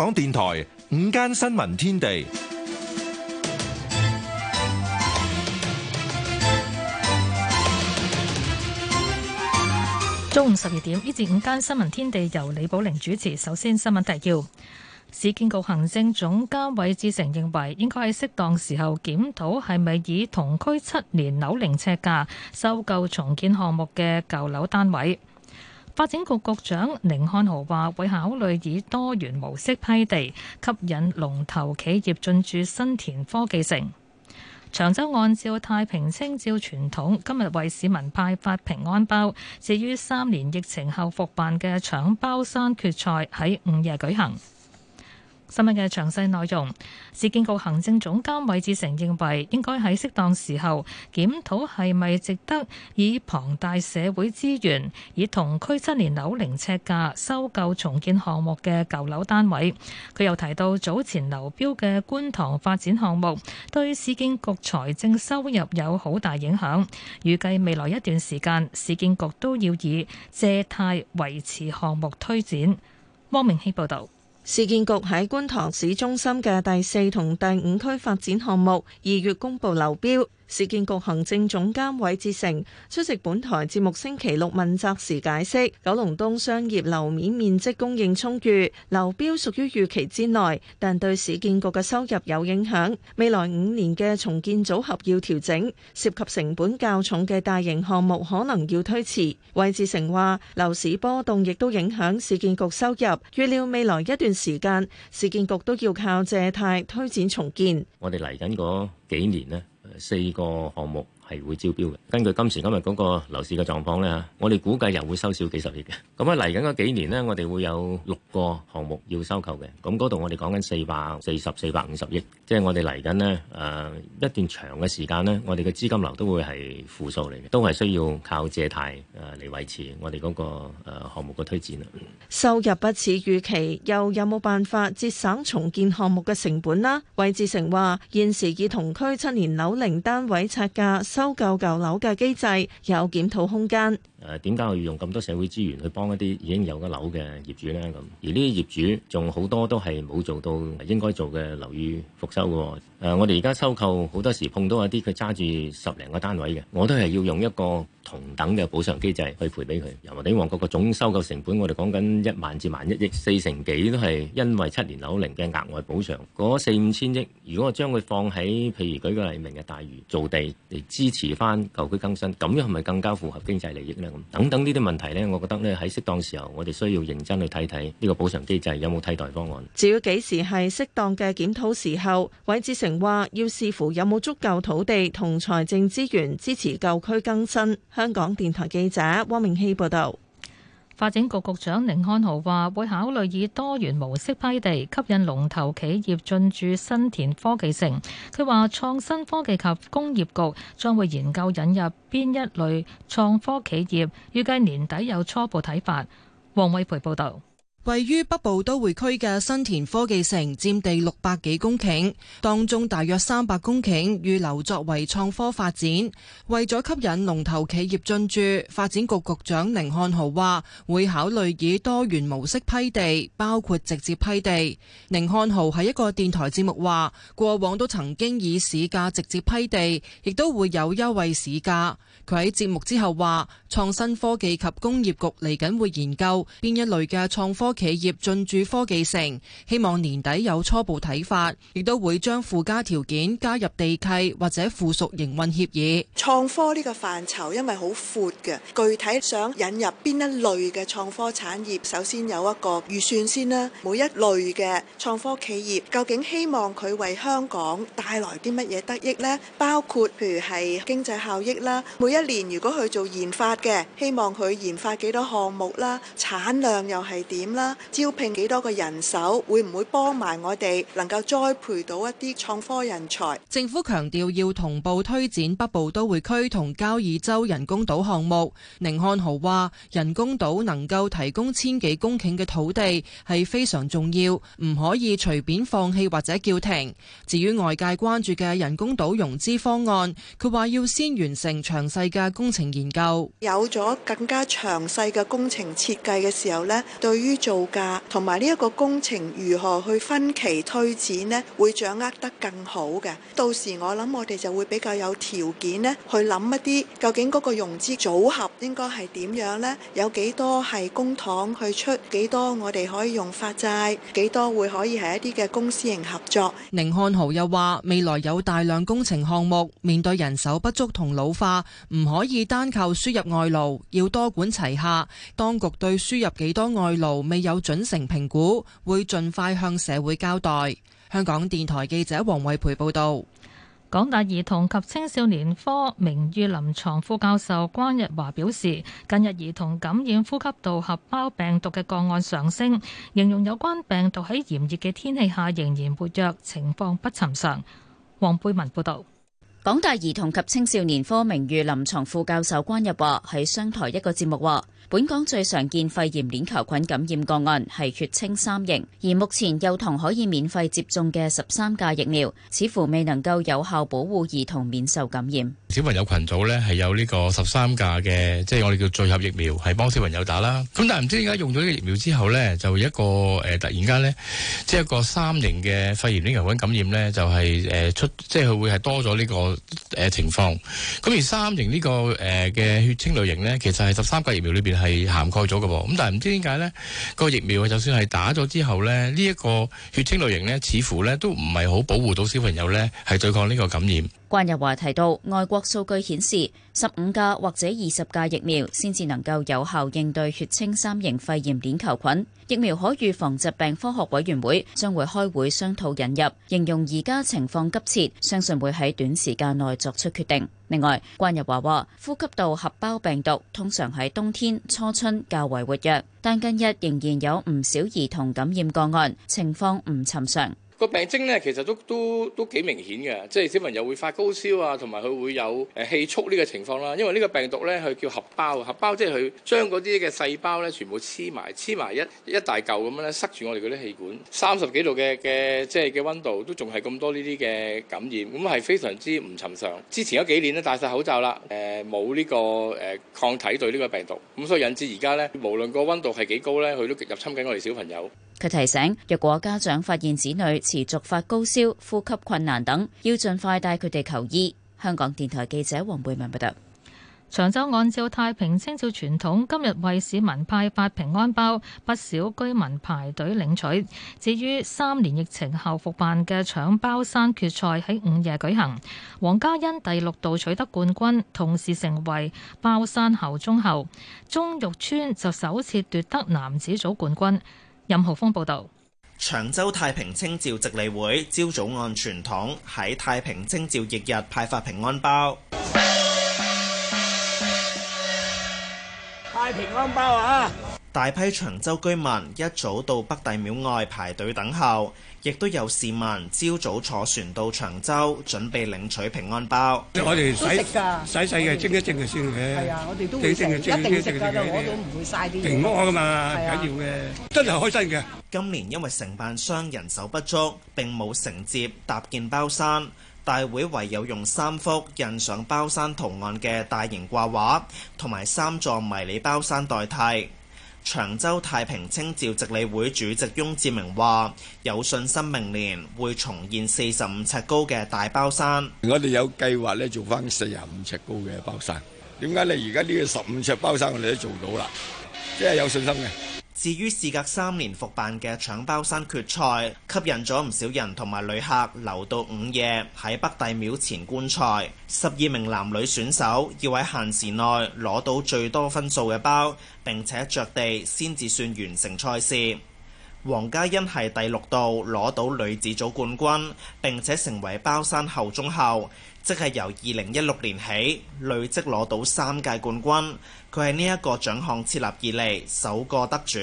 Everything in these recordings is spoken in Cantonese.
香港電台五間新聞天地，中午十二點以至五間新聞天地由李寶玲主持。首先新聞提要，市建局行政總監韋志成認為，應該喺適當時候檢討係咪以同區七年樓齡尺價收購重建項目嘅舊樓單位。發展局局長寧漢豪話：會考慮以多元模式批地，吸引龍頭企業進駐新田科技城。長洲按照太平清醮傳統，今日為市民派發平安包。至於三年疫情後復辦嘅搶包山決賽，喺午夜舉行。新聞嘅詳細內容，市建局行政總監韋志成認為應該喺適當時候檢討係咪值得以龐大社會資源，以同區七年樓齡尺價收購重建項目嘅舊樓單位。佢又提到早前流標嘅觀塘發展項目，對市建局財政收入有好大影響。預計未來一段時間，市建局都要以借貸維持項目推展。汪明希報導。市建局喺觀塘市中心嘅第四同第五區發展項目，二月公布流標。市建局行政總監韋志成出席本台節目《星期六問責》時解釋，九龍東商業樓面面積供應充裕，樓標屬於預期之內，但對市建局嘅收入有影響。未來五年嘅重建組合要調整，涉及成本較重嘅大型項目可能要推遲。韋志成話，樓市波動亦都影響市建局收入，預料未來一段時間市建局都要靠借貸推展重建。我哋嚟緊嗰幾年呢？四個項目係會招標嘅。根據今時今日嗰個樓市嘅狀況呢，我哋估計又會收少幾十億嘅。咁啊嚟緊嗰幾年呢，我哋會有六個項目要收購嘅。咁嗰度我哋講緊四百四十四百五十億，即係我哋嚟緊呢誒一段長嘅時間呢，我哋嘅資金流都會係負數嚟嘅，都係需要靠借貸誒嚟維持我哋嗰個誒項目嘅推展啦。收入不似預期，又有冇辦法節省重建項目嘅成本呢？魏志成話：現時以同區七年樓齡單位拆價。收購舊樓嘅機制有檢討空間。誒點解我要用咁多社會資源去幫一啲已經有咗樓嘅業主呢？咁而呢啲業主仲好多都係冇做到應該做嘅樓宇復修嘅。誒、啊，我哋而家收購好多時碰到一啲佢揸住十零個單位嘅，我都係要用一個同等嘅補償機制去賠俾佢。油麻地旺角嘅總收購成本，我哋講緊一萬至萬一億，四成幾都係因為七年樓齡嘅額外補償。嗰四五千億，如果我將佢放喺譬如舉個例明日嘅大嶼造地嚟支持翻舊區更新，咁樣係咪更加符合經濟利益呢？等等呢啲問題呢，我覺得呢喺適當時候，我哋需要認真去睇睇呢個補償機制有冇替代方案。至於幾時係適當嘅檢討時候，韋志成話要視乎有冇足夠土地同財政資源支持舊區更新。香港電台記者汪明熙報道。發展局局長寧漢豪話會考慮以多元模式批地，吸引龍頭企業進駐新田科技城。佢話創新科技及工業局將會研究引入邊一類創科企業，預計年底有初步睇法。王偉培報道。位於北部都會區嘅新田科技城，佔地六百幾公頃，當中大約三百公頃預留作為創科發展。為咗吸引龍頭企業進駐，發展局局長寧漢豪話會考慮以多元模式批地，包括直接批地。寧漢豪喺一個電台節目話，過往都曾經以市價直接批地，亦都會有優惠市價。佢喺節目之後話，創新科技及工業局嚟緊會研究邊一類嘅創科企業進駐科技城，希望年底有初步睇法，亦都會將附加條件加入地契或者附屬營運協議。創科呢個範疇因為好闊嘅，具體想引入邊一類嘅創科產業，首先有一個預算先啦。每一類嘅創科企業究竟希望佢為香港帶來啲乜嘢得益呢？包括譬如係經濟效益啦，一年如果去做研發嘅，希望佢研發幾多項目啦，產量又係點啦，招聘幾多個人手，會唔會幫埋我哋能夠栽培到一啲創科人才？政府強調要同步推展北部都會區同交椅洲人工島項目。寧漢豪話：人工島能夠提供千幾公頃嘅土地，係非常重要，唔可以隨便放棄或者叫停。至於外界關注嘅人工島融資方案，佢話要先完成詳細。嘅工程研究有咗更加詳細嘅工程設計嘅時候咧，對於造價同埋呢一個工程如何去分期推展咧，會掌握得更好嘅。到時我諗我哋就會比較有條件咧，去諗一啲究竟嗰個融資組合應該係點樣咧？有幾多係公帑去出？幾多我哋可以用發債？幾多會可以係一啲嘅公司型合作？寧漢豪又話：未來有大量工程項目，面對人手不足同老化。唔可以單靠輸入外勞，要多管齊下。當局對輸入幾多外勞未有準成評估，會盡快向社會交代。香港電台記者黃慧培報道。港大兒童及青少年科名譽臨床副教授關日華表示，近日兒童感染呼吸道合胞病毒嘅個案上升，形容有關病毒喺炎熱嘅天氣下仍然活躍，情況不尋常。黃佩文報導。港大兒童及青少年科名譽臨床副教授關日華喺商台一個節目話。本港最常見肺炎鏈球菌感染個案係血清三型，而目前幼童可以免費接種嘅十三價疫苗，似乎未能夠有效保護兒童免受感染。小朋友群組咧係有呢個十三價嘅，即係我哋叫聚合疫苗，係幫小朋友打啦。咁但係唔知點解用咗呢個疫苗之後咧，就一個誒突然間咧，即係一個三型嘅肺炎鏈球菌感染咧，就係誒出即係佢會係多咗呢個誒情況。咁而三型呢個誒嘅血清類型咧，其實係十三價疫苗裏邊。係涵蓋咗嘅，噉，但係唔知點解呢個疫苗就算係打咗之後呢，呢一個血清類型呢，似乎呢都唔係好保護到小朋友呢，係對抗呢個感染。關日華提到，外國數據顯示，十五價或者二十價疫苗先至能夠有效應對血清三型肺炎鏈球菌。疫苗可預防疾病科學委員會將會開會商討引入，形容而家情況急切，相信會喺短時間內作出決定。另外，關日華話，呼吸道合胞病毒通常喺冬天初春較為活躍，但近日仍然有唔少兒童感染個案，情況唔尋常。個病徵咧，其實都都都幾明顯嘅，即係小朋友會發高燒啊，同埋佢會有誒氣促呢個情況啦。因為呢個病毒咧，佢叫合胞，合胞即係佢將嗰啲嘅細胞咧，全部黐埋，黐埋一一大嚿咁樣咧，塞住我哋嗰啲氣管。三十幾度嘅嘅即係嘅溫度都仲係咁多呢啲嘅感染，咁係非常之唔尋常。之前嗰幾年咧，戴晒口罩啦，誒冇呢個誒抗體對呢個病毒，咁所以引致而家咧，無論個溫度係幾高咧，佢都入侵緊我哋小朋友。佢提醒，若果家長發現子女，持續發高燒、呼吸困難等，要盡快帶佢哋求醫。香港電台記者黃貝文報道。長洲按照太平清醮傳統，今日為市民派發平安包，不少居民排隊領取。至於三年疫情後復辦嘅搶包山決賽喺午夜舉行，黃嘉欣第六度取得冠軍，同時成為包山后中后。鍾玉川就首次奪得男子組冠軍。任浩峰報道。長洲太平清醮值理會朝早按傳統喺太平清醮翌日派發平安包。太平安包啊！大批長洲居民一早到北帝廟外排隊等候。亦都有市民朝早坐船到長洲，準備領取平安包。我哋洗洗嘅蒸一蒸嘅算嘅。係啊，我哋都一定食㗎，攞到唔會嘥啲。平安㗎嘛，緊要嘅。真係開心嘅。今年因為承辦商人手不足，並冇承接搭建包山，大會唯有用三幅印上包山圖案嘅大型掛畫，同埋三座迷你包山代替。長洲太平清醮值理會主席翁志明話：有信心明年會重現四十五尺高嘅大包山。我哋有計劃咧，做返四十五尺高嘅包山。點解你而家呢個十五尺包山我哋都做到啦，即係有信心嘅。至於事隔三年復辦嘅搶包山決賽，吸引咗唔少人同埋旅客留到午夜喺北帝廟前觀賽。十二名男女選手要喺限時內攞到最多分數嘅包，並且着地先至算完成賽事。王嘉欣係第六度攞到女子組冠軍，並且成為包山后中后，即係由二零一六年起累積攞到三屆冠軍。佢係呢一個獎項設立以嚟首個得主。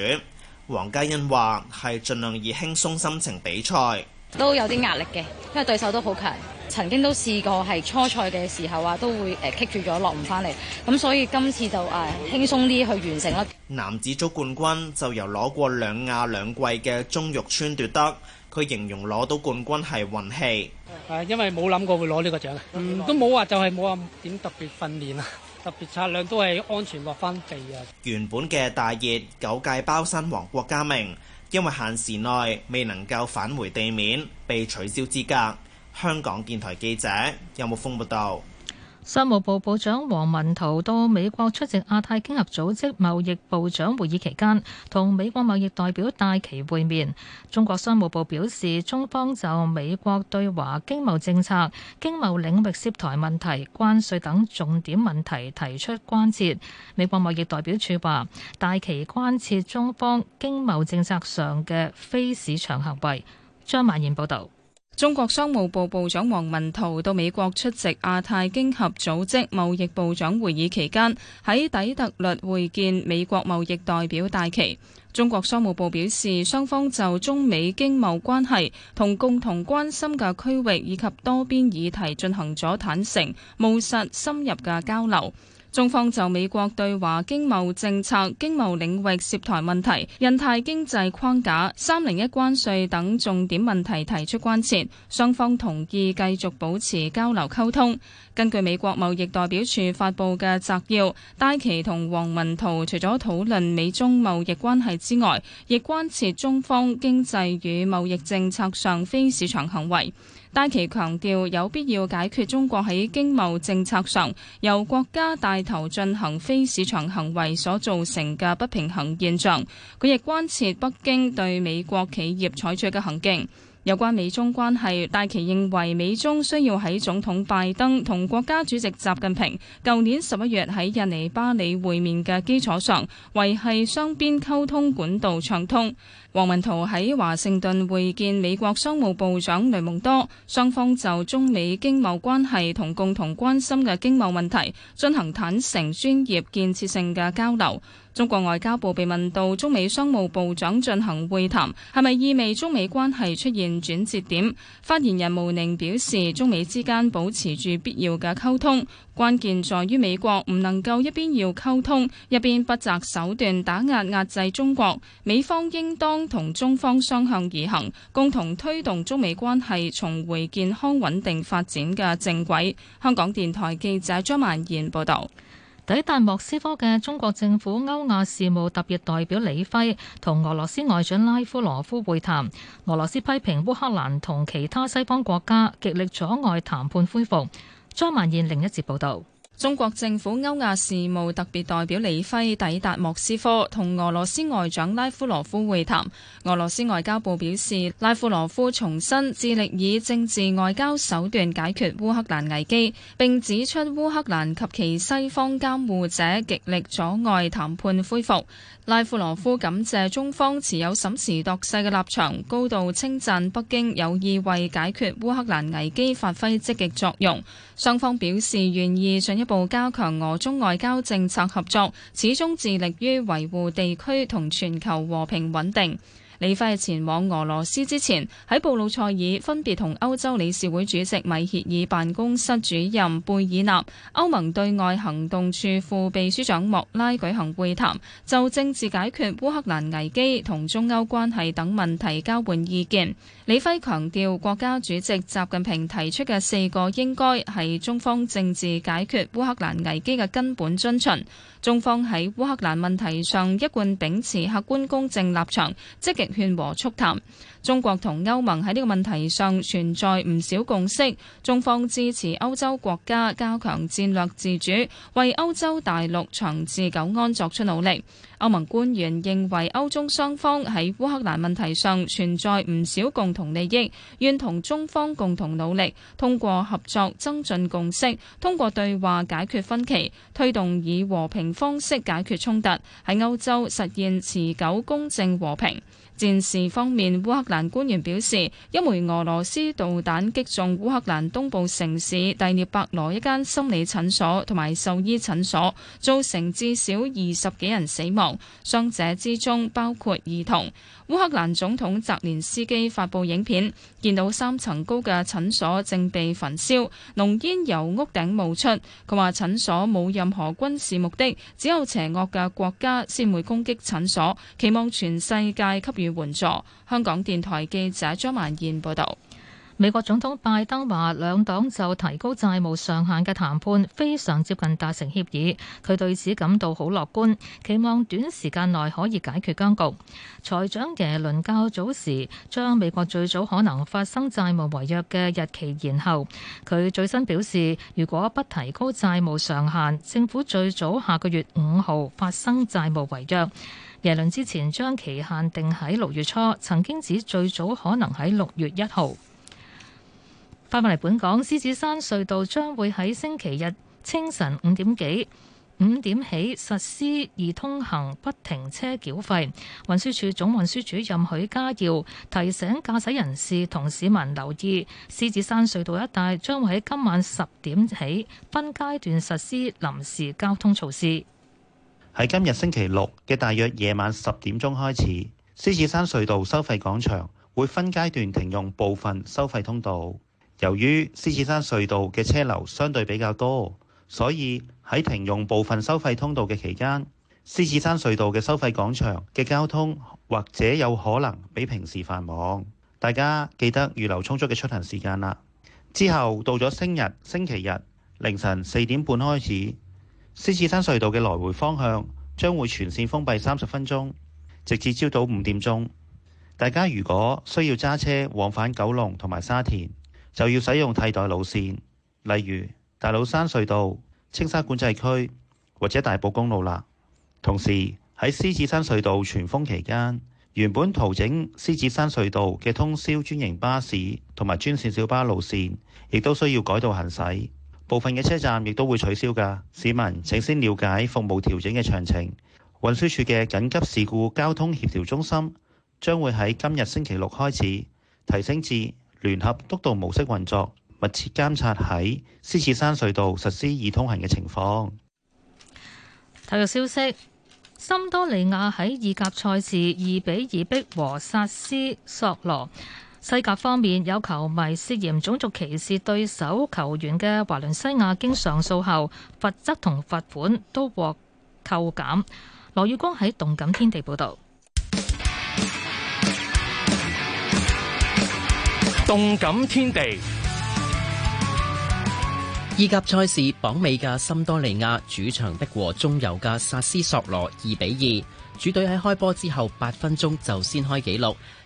王嘉欣話：係盡量以輕鬆心情比賽。都有啲壓力嘅，因為對手都好強，曾經都試過係初賽嘅時候啊，都會誒棘住咗落唔翻嚟，咁所以今次就誒、啊、輕鬆啲去完成啦。男子組冠軍就由攞過兩亞兩季嘅鍾玉川奪得，佢形容攞到冠軍係運氣，係因為冇諗過會攞呢個獎，嗯、都冇話就係冇話點特別訓練啊，特別策略都係安全落翻地啊。原本嘅大熱九屆包山王郭嘉明。因為限時內未能夠返回地面，被取消資格。香港電台記者有冇風報道。商務部部長王文濤到美國出席亞太經合組織貿易部長會議期間，同美國貿易代表戴琪會面。中國商務部表示，中方就美國對華經貿政策、經貿領域涉台問題、關稅等重點問題提出關切。美國貿易代表處話，戴琪關切中方經貿政策上嘅非市場行為。張曼燕報道。中國商務部部長王文濤到美國出席亞太經合組織貿易部長會議期間，喺底特律會見美國貿易代表戴琪。中國商務部表示，雙方就中美經貿關係同共同關心嘅區域以及多邊議題進行咗坦誠、務實、深入嘅交流。中方就美國對華經貿政策、經貿領域涉台問題、印太經濟框架、三零一關稅等重點問題提出關切，雙方同意繼續保持交流溝通。根據美國貿易代表處發布嘅摘要，戴琪同黃文濤除咗討論美中貿易關係之外，亦關切中方經濟與貿易政策上非市場行為。戴琪強調有必要解決中國喺經貿政策上由國家帶頭進行非市場行為所造成嘅不平衡現象。佢亦關切北京對美國企業採取嘅行徑。有關美中關係，戴琪認為美中需要喺總統拜登同國家主席習近平舊年十一月喺印尼巴里會面嘅基礎上維係雙邊溝通管道暢通。王文濤喺華盛頓會見美國商務部長雷蒙多，雙方就中美經貿關係同共同關心嘅經貿問題進行坦誠、專業、建設性嘅交流。中國外交部被問到中美商務部長進行會談係咪意味中美關係出現轉折點？發言人毛寧表示，中美之間保持住必要嘅溝通，關鍵在於美國唔能夠一邊要溝通，一邊不擇手段打壓、壓制中國。美方應當同中方雙向而行，共同推動中美關係重回健康穩定發展嘅正軌。香港電台記者張曼燕報道，抵達莫斯科嘅中國政府歐亞事務特別代表李輝同俄羅斯外長拉夫羅夫會談。俄羅斯批評烏克蘭同其他西方國家極力阻礙談判恢復。張曼燕另一節報道。中國政府歐亞事務特別代表李輝抵達莫斯科，同俄羅斯外長拉夫羅夫會談。俄羅斯外交部表示，拉夫羅夫重申致力以政治外交手段解決烏克蘭危機，並指出烏克蘭及其西方監護者極力阻礙談判恢復。拉夫羅夫感謝中方持有審時度勢嘅立場，高度稱讚北京有意為解決烏克蘭危機發揮積極作用。雙方表示願意進一步加強俄中外交政策合作，始終致力於維護地區同全球和平穩定。李輝前往俄羅斯之前，喺布魯塞爾分別同歐洲理事會主席米歇爾辦公室主任貝爾納、歐盟對外行動處副秘書長莫拉舉行會談，就政治解決烏克蘭危機同中歐關係等問題交換意見。李輝強調國家主席習近平提出嘅四個應該係中方政治解決烏克蘭危機嘅根本遵循，中方喺烏克蘭問題上一貫秉持客觀公正立場，積極。勸和促談。中國同歐盟喺呢個問題上存在唔少共識，中方支持歐洲國家加強戰略自主，為歐洲大陸長治久安作出努力。歐盟官員認為歐中雙方喺烏克蘭問題上存在唔少共同利益，願同中方共同努力，通過合作增進共識，通過對話解決分歧，推動以和平方式解決衝突，喺歐洲實現持久公正和平。戰事方面，烏克蘭。官員表示，一枚俄羅斯導彈擊中烏克蘭東部城市第聶伯羅一間心理診所同埋獸醫診所，造成至少二十幾人死亡，傷者之中包括兒童。烏克蘭總統澤連斯基發布影片，見到三層高嘅診所正被焚燒，濃煙由屋頂冒出。佢話診所冇任何軍事目的，只有邪惡嘅國家先會攻擊診所，期望全世界給予援助。香港電。台記者張曼燕報道，美國總統拜登話，兩黨就提高債務上限嘅談判非常接近達成協議，佢對此感到好樂觀，期望短時間內可以解決僵局。財長耶倫較早時將美國最早可能發生債務違約嘅日期延後，佢最新表示，如果不提高債務上限，政府最早下個月五號發生債務違約。耶倫之前將期限定喺六月初，曾經指最早可能喺六月一號。翻返嚟本港，獅子山隧道將會喺星期日清晨五點幾五點起實施易通行不停車繳費。運輸署總運輸主任許家耀提醒駕駛人士同市民留意，獅子山隧道一帶將會喺今晚十點起分階段實施臨時交通措施。喺今日星期六嘅大約夜晚十點鐘開始，獅子山隧道收費廣場會分階段停用部分收費通道。由於獅子山隧道嘅車流相對比較多，所以喺停用部分收費通道嘅期間，獅子山隧道嘅收費廣場嘅交通或者有可能比平時繁忙。大家記得預留充足嘅出行時間啦。之後到咗星日星期日，凌晨四點半開始，獅子山隧道嘅來回方向將會全線封閉三十分鐘，直至朝早五點鐘。大家如果需要揸車往返九龍同埋沙田，就要使用替代路線，例如大老山隧道、青沙管制區或者大埔公路啦。同時喺獅子山隧道全封期間，原本途經獅子山隧道嘅通宵專營巴士同埋專線小巴路線，亦都需要改道行駛。部分嘅車站亦都會取消㗎，市民請先了解服務調整嘅詳情。運輸署嘅緊急事故交通協調中心將會喺今日星期六開始提升至聯合督導模式運作，密切監察喺獅子山隧道實施易通行嘅情況。體育消息，森多利亞喺意甲賽事2比2逼和薩斯索羅。西甲方面，有球迷涉嫌種族歧視對手球員嘅華倫西亞，經上訴後罰則同罰款都獲扣減。羅宇光喺動感天地報道。動感天地，意甲賽事榜尾嘅森多利亞主場逼和中游嘅薩斯索羅二比二。主隊喺開波之後八分鐘就先開紀錄。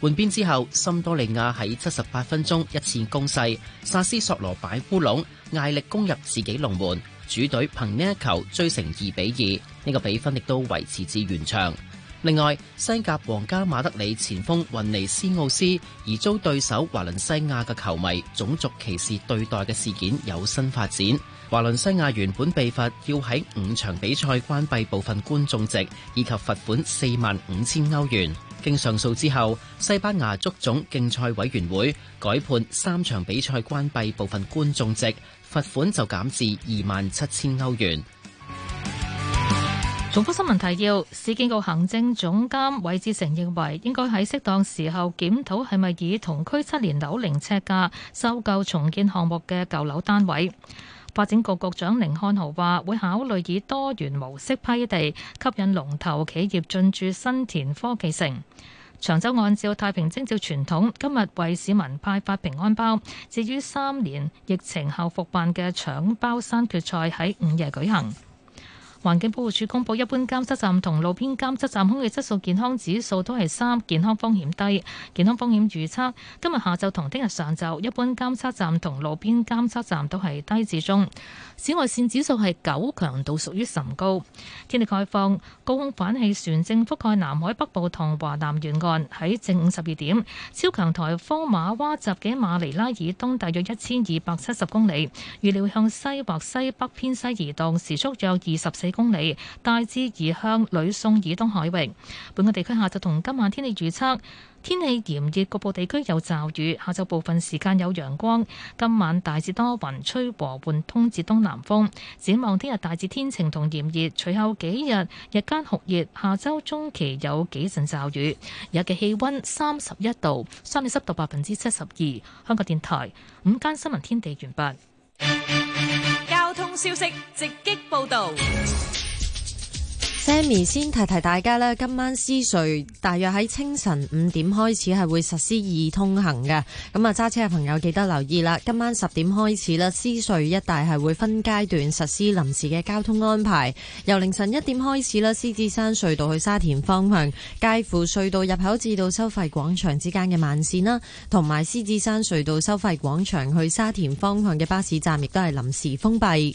換邊之後，森多利亞喺七十八分鐘一次攻勢，薩斯索羅擺烏龍，艾力攻入自己龍門，主隊憑呢一球追成二比二，呢個比分亦都維持至完場。另外，西甲皇家馬德里前鋒雲尼斯奧斯而遭對手華倫西亞嘅球迷種族歧視對待嘅事件有新發展，華倫西亞原本被罰要喺五場比賽關閉部分觀眾席，以及罰款四萬五千歐元。經上訴之後，西班牙足總競賽委員會改判三場比賽關閉部分觀眾席，罰款就減至二萬七千歐元。重複新聞提要：市建局行政總監韋志成認為，應該喺適當時候檢討係咪以同區七年樓齡呎價收購重建項目嘅舊樓單位。發展局局長甯漢豪話：會考慮以多元模式批地，吸引龍頭企業進駐新田科技城。長洲按照太平清醮傳統，今日為市民派發平安包。至於三年疫情後復辦嘅搶包山決賽，喺午夜舉行。環境保護署公佈，一般監測站同路邊監測站空氣質素健康指數都係三，健康風險低。健康風險預測今日下晝同聽日上晝，一般監測站同路邊監測站都係低至中。紫外線指數係九，強度屬於甚高。天氣概況，高空反氣旋正覆蓋南海北部同華南沿岸。喺正午十二點，超強颱風瑪娃集結馬尼拉以東，大約一千二百七十公里，預料向西或西北偏西移動，時速約二十四。公里，大致移向呂宋以東海域。本港地區下晝同今晚天氣預測，天氣炎熱，局部地區有驟雨，下晝部分時間有陽光。今晚大致多雲，吹和緩東至東南風。展望聽日大致天晴同炎熱，隨後幾日日間酷熱，下周中期有幾陣驟雨。日嘅氣溫三十一度，相對濕度百分之七十二。香港電台午間新聞天地完畢。消息直擊報道，Sammy 先提提大家咧。今晚獅隧大約喺清晨五點開始係會實施易通行嘅，咁啊，揸車嘅朋友記得留意啦。今晚十點開始咧，獅隧一帶係會分階段實施臨時嘅交通安排。由凌晨一點開始啦，獅子山隧道去沙田方向，介乎隧道入口至到收費廣場之間嘅慢線啦，同埋獅子山隧道收費廣場去沙田方向嘅巴士站亦都係臨時封閉。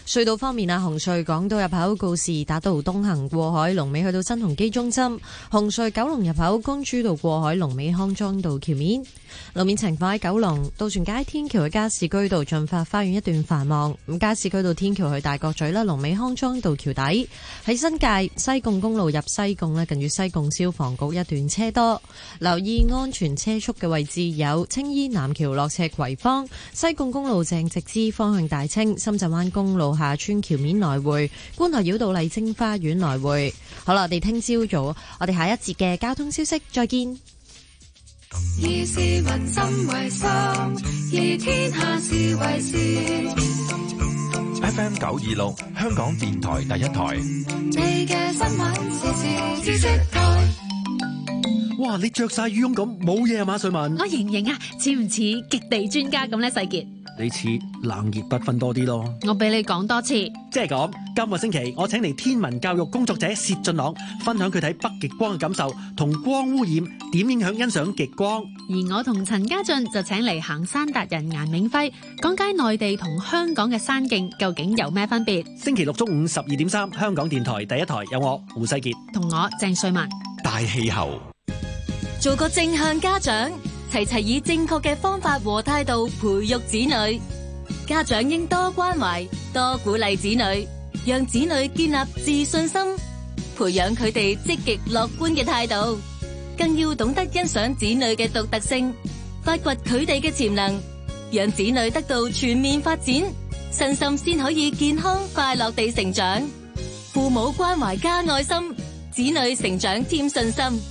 隧道方面啊，紅隧港島入口告士打道東行過海，龍尾去到新鴻基中心；紅隧九龍入口公主道過海，龍尾康莊道橋面。路面情況喺九龍渡船街天橋嘅加士居道駿發花園一段繁忙。咁加士居道天橋去大角咀啦，龍尾康莊道橋底。喺新界西貢公路入西貢咧，近住西貢消防局一段車多。留意安全車速嘅位置有青衣南橋落斜葵芳、西貢公路正直支方向大清、深圳灣公路。下村橋面來回，觀海繞道麗晶花園來回。好啦，我哋聽朝早，我哋下一節嘅交通消息再見。以市民心為心，以天下事為事。FM 九二六，香港電台第一台。你嘅新聞時時知識台。哇，你着晒羽絨咁，冇嘢啊，馬瑞文。我型型啊，似唔似極地專家咁咧，細杰？你似冷熱不分多啲咯，我俾你講多次，即係講，今個星期我請嚟天文教育工作者薛俊朗分享佢睇北極光嘅感受同光污染點影響欣賞極光，而我同陳家俊就請嚟行山達人顏銘輝講解內地同香港嘅山徑究竟有咩分別。星期六中午十二點三，香港電台第一台有我胡世杰同我鄭瑞文，大氣候，做個正向家長。齊齊以正確嘅方法和態度培育子女，家長應多關懷、多鼓勵子女，讓子女建立自信心，培養佢哋積極樂觀嘅態度。更要懂得欣賞子女嘅獨特性，發掘佢哋嘅潛能，讓子女得到全面發展，身心先可以健康快樂地成長。父母關懷加愛心，子女成長添信心。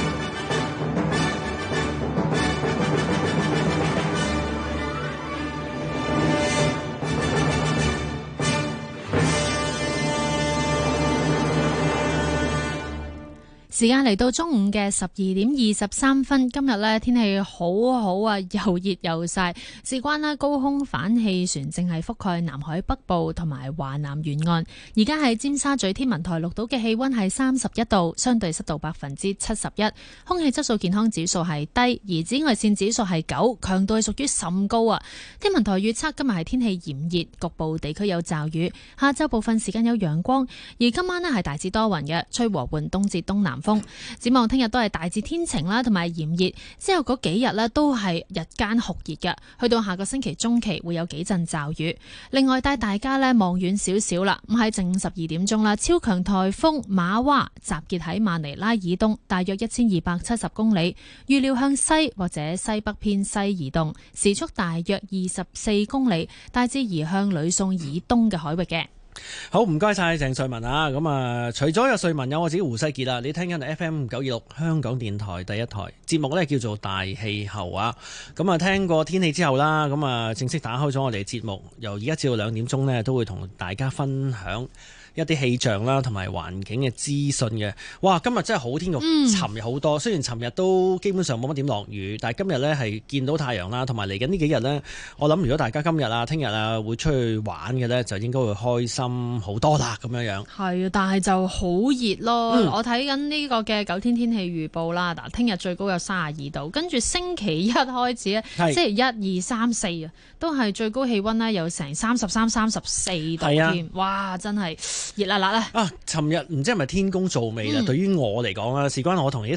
時間嚟到中午嘅十二點二十三分，今日呢，天氣好好啊，又熱又晒。事關啦高空反氣旋正係覆蓋南海北部同埋華南沿岸。而家喺尖沙咀天文台錄到嘅氣温係三十一度，相對濕度百分之七十一，空氣質素健康指數係低，而紫外線指數係九，強度係屬於甚高啊。天文台預測今日係天氣炎熱，局部地區有驟雨。下周部分時間有陽光，而今晚呢，係大致多雲嘅，吹和緩東至東南風。展望聽日都係大致天晴啦，同埋炎熱，之後嗰幾日呢，都係日間酷熱嘅，去到下個星期中期會有幾陣驟雨。另外帶大家呢望遠少少啦，咁係正午十二點鐘啦，超強台風馬娃集結喺馬尼拉以東，大約一千二百七十公里，預料向西或者西北偏西移動，時速大約二十四公里，大致移向呂宋以東嘅海域嘅。好，唔該晒鄭瑞文啊！咁啊，除咗有瑞文，有我自己胡世傑啦。你聽緊係 FM 九二六香港電台第一台節目呢，叫做《大氣候》啊！咁啊，聽過天氣之後啦，咁啊，正式打開咗我哋節目，由而家至到兩點鐘呢，都會同大家分享。一啲氣象啦，同埋環境嘅資訊嘅，哇！今日真係好天氣，尋日好多、嗯。雖然尋日都基本上冇乜點落雨，但今日呢係見到太陽啦，同埋嚟緊呢幾日呢，我諗如果大家今日啊、聽日啊會出去玩嘅呢，就應該會開心好多啦咁樣樣。係啊，但係就好熱咯、嗯。我睇緊呢個嘅九天天氣預報啦。嗱，聽日最高有三十二度，跟住星期一開始呢，星期一、二、三、四啊，都係最高氣温呢，有成三十三、三十四度添。哇！真係～熱辣辣啦、啊！啊，尋日唔知係咪天公造美啊？嗯、對於我嚟講啊，事關我同你。